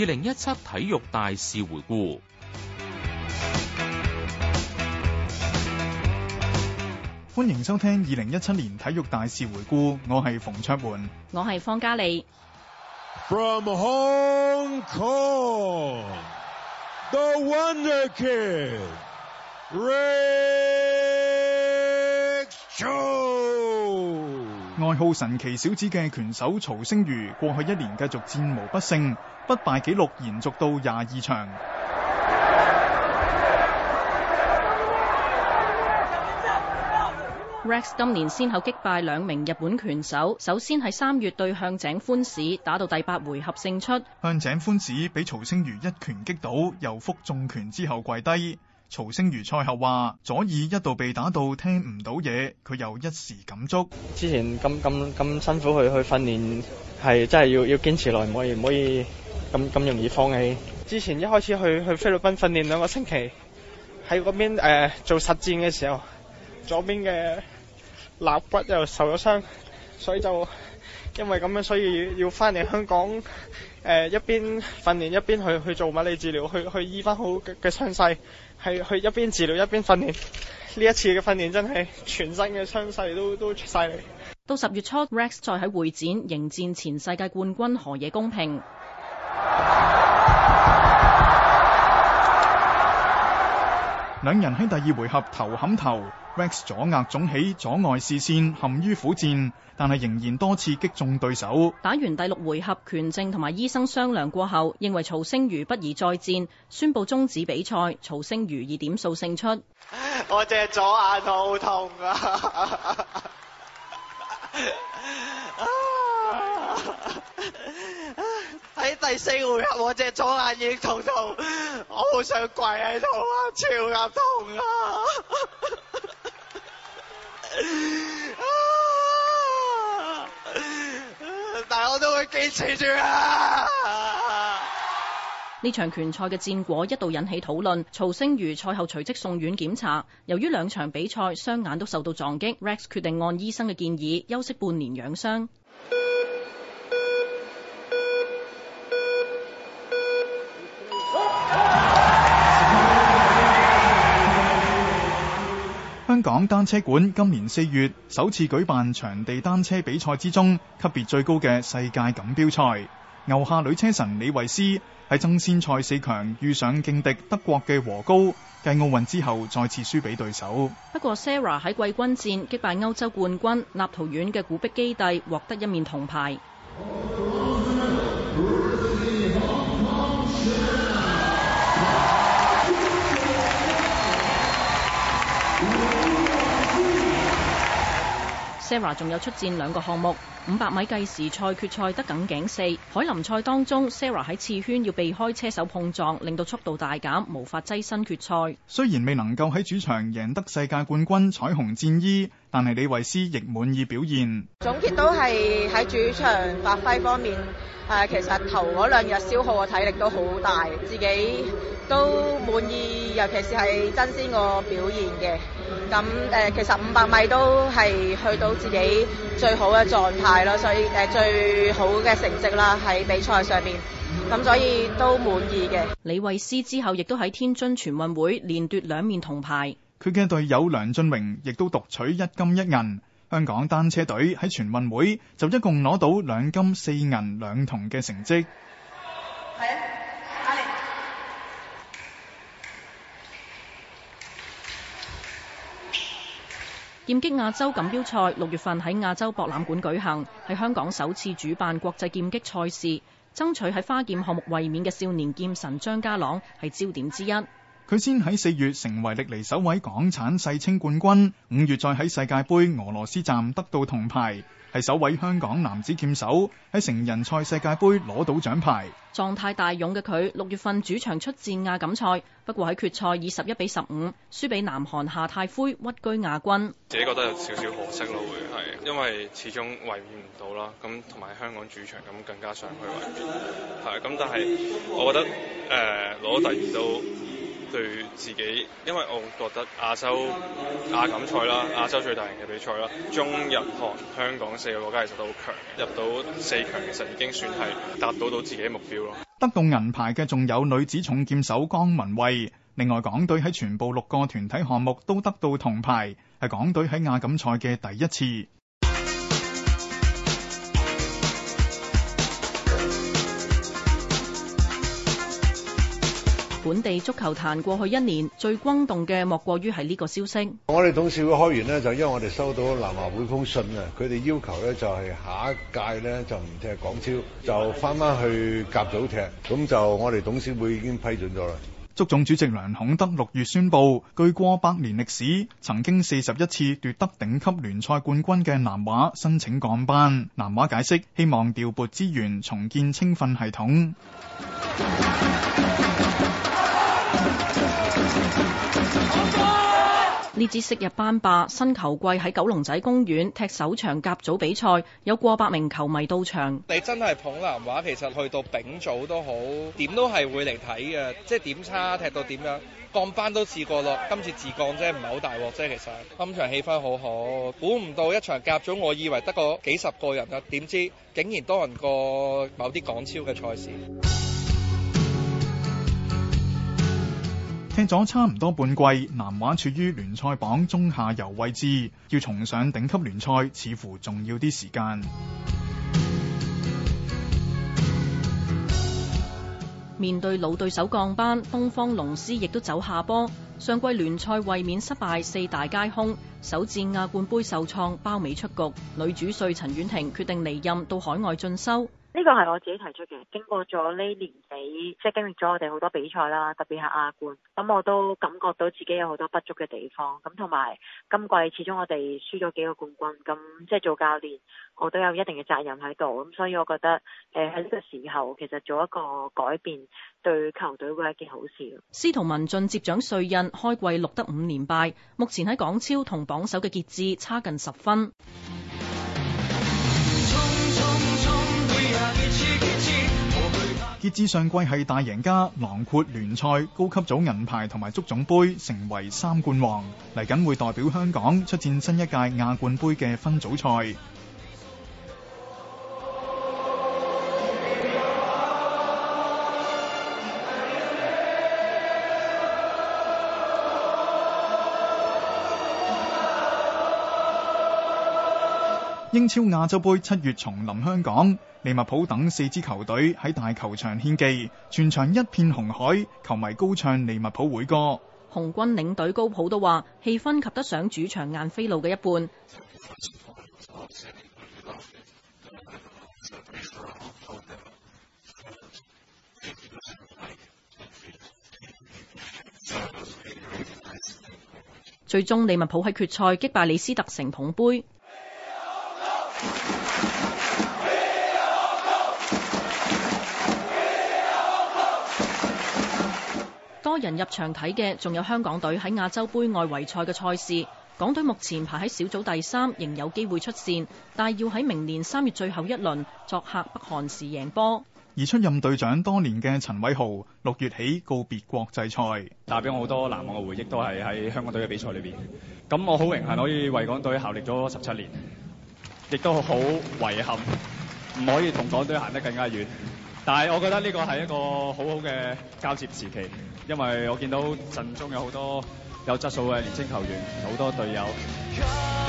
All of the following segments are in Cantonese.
二零一七體育大事回顧，歡迎收聽二零一七年體育大事回顧，我係馮卓垣，我係方嘉莉。From Hong Kong, The 號神奇小子嘅拳手曹星如過去一年繼續戰無不勝，不敗紀錄延續到廿二場。Rex 今年先後擊敗兩名日本拳手，首先喺三月對向井寬史打到第八回合勝出，向井寬史俾曹星如一拳擊倒，由腹中拳之後跪低。曹星如賽後話，左耳一度被打到聽唔到嘢，佢又一時感觸。之前咁咁咁辛苦去去訓練，係真係要要堅持耐，唔可以唔可以咁咁容易放棄。之前一開始去去菲律賓訓練兩個星期，喺嗰邊誒、呃、做實戰嘅時候，左邊嘅肋骨又受咗傷，所以就因為咁樣，所以要要翻嚟香港。誒，一邊訓練一邊去去做物理治療，去去醫翻好嘅傷勢，係去一邊治療一邊訓練。呢一次嘅訓練真係全身嘅傷勢都都出晒嚟。到十月初，Rex 再喺會展迎戰前世界冠軍何野公平。兩人喺第二回合頭冚頭，Rex 左額腫起，阻礙視線，陷於苦戰，但係仍然多次擊中對手。打完第六回合，拳證同埋醫生商量過後，認為曹星如不宜再戰，宣布終止比賽。曹星如以點數勝出。我隻左眼好痛啊！ 喺第四回合，我隻左眼已經痛痛，我好想跪喺度啊，超級痛啊！ 但我都會堅持住啊！呢場拳賽嘅戰果一度引起討論，曹星如賽後隨即送院檢查，由於兩場比賽雙眼都受到撞擊，Rex 決定按醫生嘅建議休息半年養傷。香港單車館今年四月首次舉辦場地單車比賽之中，級別最高嘅世界錦標賽，牛下女車神李慧詩喺爭先賽四強遇上勁敵德國嘅和高，繼奧運之後再次輸俾對手。不過 Sarah 喺季軍戰擊敗歐洲冠軍立陶宛嘅古碧基蒂獲得一面銅牌。Sarah 仲有出戰兩個項目，五百米計時賽決賽得緊頸四，凱林賽當中 Sarah 喺次圈要避開車手碰撞，令到速度大減，無法躋身決賽。雖然未能夠喺主場贏得世界冠軍彩虹戰衣，但係李慧詩亦滿意表現。總結都係喺主場發揮方面。誒、啊，其實頭嗰兩日消耗嘅體力都好大，自己都滿意，尤其是係爭先個表現嘅。咁誒、呃，其實五百米都係去到自己最好嘅狀態咯，所以誒、呃、最好嘅成績啦喺比賽上面，咁所以都滿意嘅。李慧詩之後亦都喺天津全運會連奪兩面銅牌，佢嘅隊友梁俊榮亦都奪取一金一銀。香港單車隊喺全運會就一共攞到兩金四銀兩銅嘅成績。劍擊亞洲錦標賽六月份喺亞洲博覽館舉行，喺香港首次主辦國際劍擊賽事，爭取喺花劍項目衛冕嘅少年劍神張家朗係焦點之一。佢先喺四月成為歷嚟首位港產世青冠軍，五月再喺世界杯俄羅斯站得到銅牌，係首位香港男子劍手喺成人賽世界杯攞到獎牌。狀態大勇嘅佢六月份主場出戰亞錦賽，不過喺決賽以十一比十五輸俾南韓夏泰輝，屈居亞軍。自己覺得有少少可惜咯，會係因為始終衛冕唔到啦，咁同埋香港主場咁更加想去衛冕，係咁，但係我覺得誒攞、呃、第二都。對自己，因為我覺得亞洲亞錦賽啦，亞洲最大型嘅比賽啦，中日韓香港四個國家其實都好強，入到四強其實已經算係達到到自己嘅目標咯。得到銀牌嘅仲有女子重劍手江旻憓。另外港隊喺全部六個團體項目都得到銅牌，係港隊喺亞錦賽嘅第一次。本地足球壇過去一年最轟動嘅，莫過於係呢個消息。我哋董事會開完呢，就因為我哋收到南華會封信啊，佢哋要求呢，就係下一屆呢，就唔踢港超，就翻翻去甲組踢。咁就我哋董事會已經批准咗啦。足總主席梁孔德六月宣布，據過百年歷史，曾經四十一次奪得頂級聯賽冠軍嘅南華申請降班。南華解釋，希望調撥資源重建青訓系統。 呢支 昔日班霸，新球季喺九龍仔公園踢首場甲組比賽，有過百名球迷到場。你真係捧南華，其實去到丙組都好，點都係會嚟睇嘅。即係點差，踢到點樣降班都試過咯。今次自降啫，唔係好大鑊啫。其實今場氣氛好好，估唔到一場甲組，我以為得個幾十個人啊，點知竟然多人過某啲港超嘅賽事。踢咗差唔多半季，南華處於聯賽榜中下游位置，要重上頂級聯賽似乎仲要啲時間。面對老對手降班，東方龍獅亦都走下坡，上季聯賽衛冕失敗，四大皆空，首戰亞冠盃受創包尾出局。女主帥陳婉婷決定離任，到海外進修。呢個係我自己提出嘅，經過咗呢年幾，即係經歷咗我哋好多比賽啦，特別係亞冠，咁我都感覺到自己有好多不足嘅地方，咁同埋今季始終我哋輸咗幾個冠軍，咁即係做教練我都有一定嘅責任喺度，咁所以我覺得，誒喺呢個時候其實做一個改變，對球隊會係一件好事。司徒文俊接掌帥印，開季錄得五連敗，目前喺港超同榜首嘅傑志差近十分。截至上季係大贏家，囊括聯賽高級組銀牌同埋足總盃，成為三冠王。嚟緊會代表香港出戰新一屆亞冠盃嘅分組賽。英超亞洲盃七月重臨香港，利物浦等四支球隊喺大球場獻技，全場一片紅海，球迷高唱利物浦會歌。紅軍領隊高普都話氣氛及得上主場晏菲路嘅一半。最終利物浦喺決賽擊敗李斯特城捧盃。多人入場睇嘅仲有香港隊喺亞洲杯外圍賽嘅賽事。港隊目前排喺小組第三，仍有機會出線，但係要喺明年三月最後一輪作客北韓時贏波。而出任隊長多年嘅陳偉豪，六月起告別國際賽，帶俾我好多難忘嘅回憶，都係喺香港隊嘅比賽裏邊。咁我好榮幸可以為港隊效力咗十七年。亦都好遺憾，唔可以同港隊行得更加遠。但係我覺得呢個係一個好好嘅交接時期，因為我見到陣中有好多有質素嘅年輕球員，好多隊友。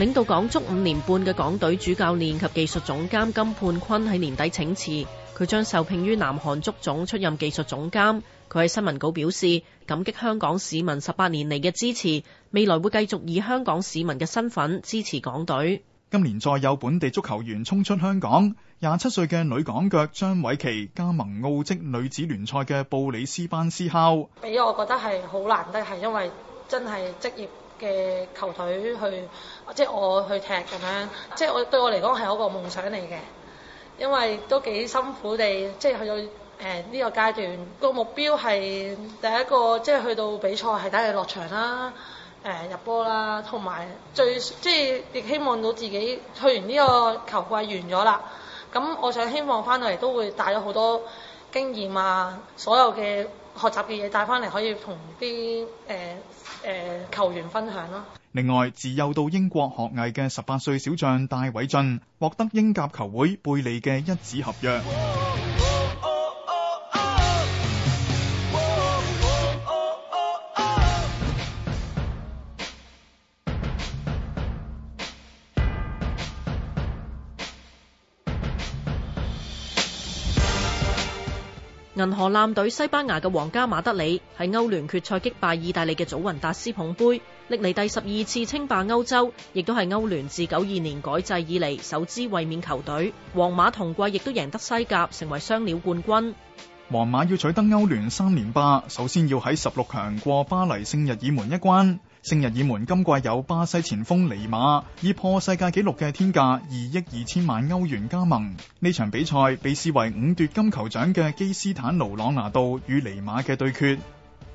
領導港足五年半嘅港隊主教練及技術總監金判坤喺年底請辭，佢將受聘於南韓足總出任技術總監。佢喺新聞稿表示感激香港市民十八年嚟嘅支持，未來會繼續以香港市民嘅身份支持港隊。今年再有本地足球員衝出香港，廿七歲嘅女港腳張偉琪加盟澳職女子聯賽嘅布里斯班思考，俾我覺得係好難得，係因為真係職業。嘅球隊去，即係我去踢咁樣，即係我對我嚟講係有一個夢想嚟嘅，因為都幾辛苦地，即係去到誒呢個階段，個目標係第一個，即係去到比賽係第一個落場啦，誒入波啦，同埋最即係亦希望到自己去完呢個球季完咗啦，咁我想希望翻到嚟都會帶咗好多經驗啊，所有嘅。學習嘅嘢帶翻嚟，可以同啲誒誒球員分享咯。另外，自幼到英國學藝嘅十八歲小將戴偉浚獲得英甲球會貝利嘅一紙合約。銀河艦隊西班牙嘅皇家馬德里喺歐聯決賽擊敗意大利嘅祖雲達斯捧杯，歷來第十二次稱霸歐洲，亦都係歐聯自九二年改制以嚟首支衛冕球隊。皇馬同季亦都贏得西甲，成為雙料冠軍。皇馬要取得歐聯三連霸，首先要喺十六強過巴黎聖日耳門一關。聖日耳門今季有巴西前鋒尼馬以破世界紀錄嘅天價二億二千萬歐元加盟。呢場比賽被視為五奪金球獎嘅基斯坦奴朗拿度與尼馬嘅對決。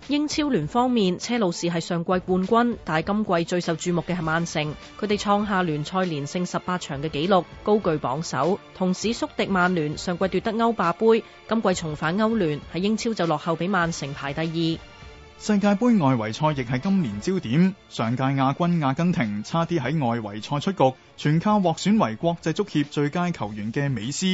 英超聯方面，車路士係上季冠軍，但係今季最受注目嘅係曼城，佢哋創下聯賽連勝十八場嘅紀錄，高居榜首。同時，宿敵曼聯上季奪得歐霸杯，今季重返歐聯，喺英超就落後俾曼城排第二。世界杯外圍賽亦係今年焦點。上屆亞軍阿根廷差啲喺外圍賽出局，全靠獲選為國際足協最佳球員嘅美斯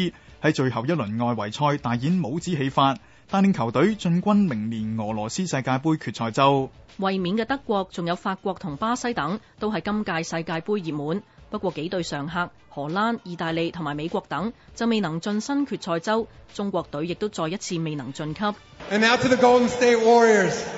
喺最後一輪外圍賽大演帽子戲法，帶領球隊進軍明年俄羅斯世界杯決賽周。衛冕嘅德國仲有法國同巴西等都係今屆世界杯熱門。不過幾隊常客荷蘭、意大利同埋美國等就未能晉身決賽周。中國隊亦都再一次未能晉級。And now to the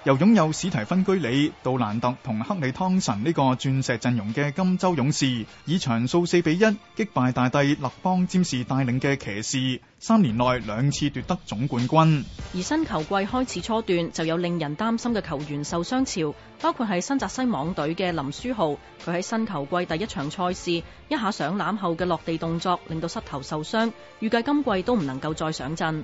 由擁有史提芬居里、杜蘭特同克里湯臣呢個鑽石陣容嘅金州勇士，以場數四比一擊敗大帝勒邦占士帶領嘅騎士，三年內兩次奪得總冠軍。而新球季開始初段就有令人擔心嘅球員受傷潮，包括係新澤西網隊嘅林書豪，佢喺新球季第一場賽事一下上籃後嘅落地動作令到膝頭受傷，預計今季都唔能夠再上陣。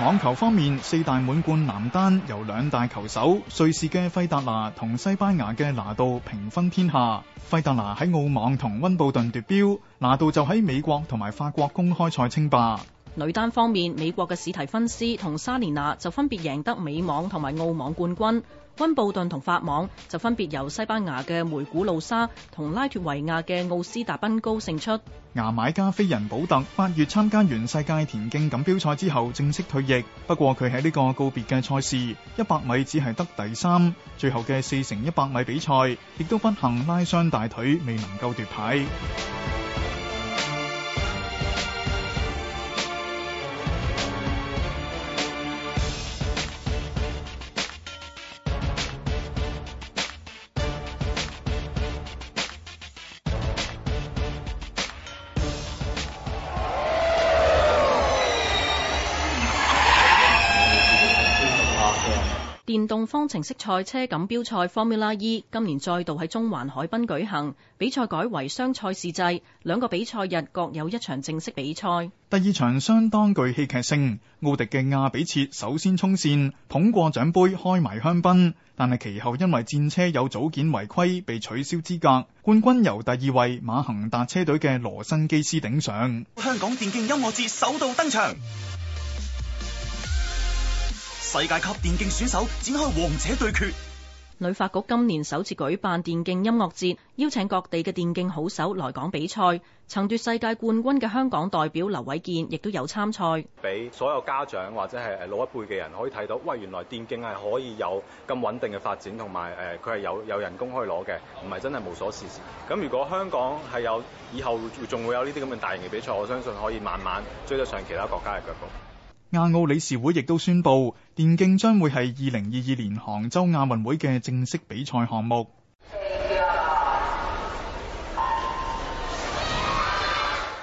網球方面，四大滿貫男單由兩大球手，瑞士嘅費達拿同西班牙嘅拿度平分天下。費達拿喺澳網同温布頓奪標，拿度就喺美國同埋法國公開賽稱霸。女單方面，美國嘅史提芬斯同莎蓮娜就分別贏得美網同埋澳網冠軍，温布頓同法網就分別由西班牙嘅梅古魯莎同拉脫維亞嘅奧斯達賓高勝出。牙買加飛人保特八月參加完世界田徑錦標賽之後正式退役，不過佢喺呢個告別嘅賽事一百米只係得第三，最後嘅四乘一百米比賽亦都不幸拉傷大腿，未能夠奪牌。方程式賽車錦標賽、Formula E 今年再度喺中環海濱舉行，比賽改為雙賽事制，兩個比賽日各有一場正式比賽。第二場相當具戲劇性，奧迪嘅亞比切首先衝線，捧過獎杯開埋香檳，但係其後因為戰車有組件違規，被取消資格，冠軍由第二位馬恆達車隊嘅羅辛基斯頂上。香港電競音樂節首度登場。世界級電競選手展開王者對決。旅發局今年首次舉辦電競音樂節，邀請各地嘅電競好手來港比賽。曾奪世界冠軍嘅香港代表劉偉健亦都有參賽。俾所有家長或者係老一輩嘅人可以睇到，喂，原來電競係可以有咁穩定嘅發展，同埋誒，佢、呃、係有有人工可以攞嘅，唔係真係無所事事。咁如果香港係有以後仲會有呢啲咁嘅大型嘅比賽，我相信可以慢慢追得上其他國家嘅腳步。亞奧理事會亦都宣布。電競將會係二零二二年杭州亞運會嘅正式比賽項目。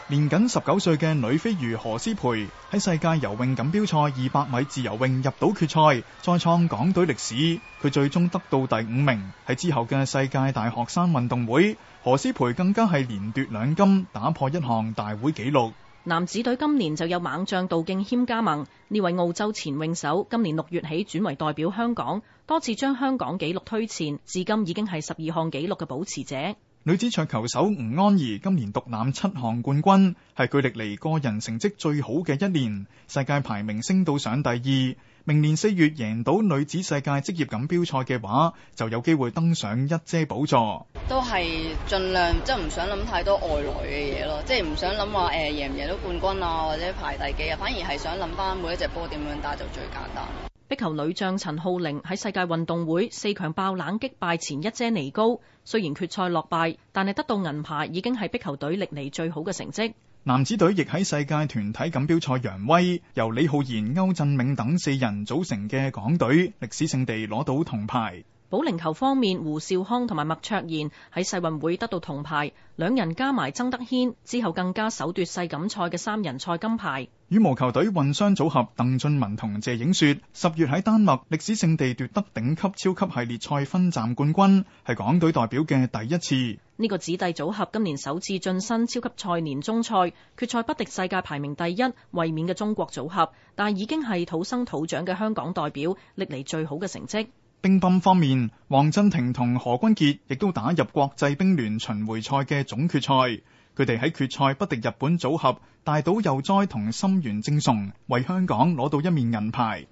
年僅十九歲嘅女飛魚何詩蓓喺世界游泳錦標賽二百米自由泳入到決賽，再創港隊歷史。佢最終得到第五名。喺之後嘅世界大學生運動會，何詩蓓更加係連奪兩金，打破一項大會紀錄。男子隊今年就有猛將杜敬謙加盟，呢位澳洲前泳手今年六月起轉為代表香港，多次將香港紀錄推前，至今已經係十二項紀錄嘅保持者。女子桌球手吳安儀今年獨攬七項冠軍，係佢歷嚟個人成績最好嘅一年，世界排名升到上第二。明年四月贏到女子世界職業錦標賽嘅話，就有機會登上一姐寶座。都係盡量，即係唔想諗太多外來嘅嘢咯，即係唔想諗話誒贏唔贏到冠軍啊，或者排第幾啊，反而係想諗返每一隻波點樣打就最簡單。壁球女將陳浩鈴喺世界運動會四強爆冷擊敗前一姐尼高，雖然決賽落敗，但係得到銀牌已經係壁球隊歷嚟最好嘅成績。男子隊亦喺世界團體錦標賽揚威，由李浩然、歐振明等四人組成嘅港隊，歷史性地攞到銅牌。保齡球方面，胡兆康同埋麥卓賢喺世運會得到銅牌，兩人加埋曾德軒之後，更加首奪世錦賽嘅三人賽金牌。羽毛球隊混雙組合鄧俊文同謝影雪十月喺丹麥歷史性地奪得頂級超級系列賽分站冠軍，係港隊代表嘅第一次。呢、這個子弟組合今年首次晉身超級賽年終賽決賽，不敵世界排名第一衛冕嘅中國組合，但已經係土生土長嘅香港代表歷嚟最好嘅成績。乒乓方面，黃鎮廷同何鈞傑亦都打入國際乒聯巡回賽嘅總決賽，佢哋喺決賽不敵日本組合大島祐哉同森薗政崇，為香港攞到一面銀牌。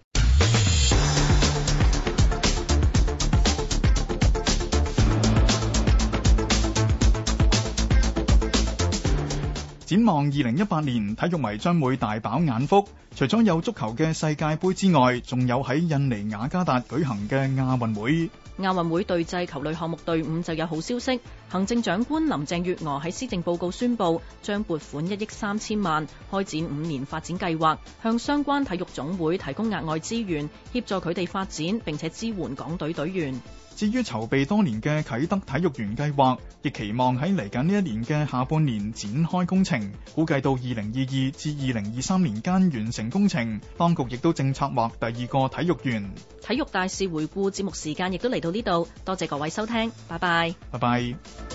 展望二零一八年，體育迷將會大飽眼福。除咗有足球嘅世界盃之外，仲有喺印尼雅加達舉行嘅亞運會。亞運會隊際球類項目隊伍就有好消息。行政長官林鄭月娥喺施政報告宣佈，將撥款一億三千萬，開展五年發展計劃，向相關體育總會提供額外資源，協助佢哋發展並且支援港隊隊員。至於籌備多年嘅啟德體育園計劃，亦期望喺嚟緊呢一年嘅下半年展開工程，估計到二零二二至二零二三年間完成工程。當局亦都正策劃第二個體育園。體育大事回顧節目時間亦都嚟到呢度，多謝各位收聽，拜拜。拜拜。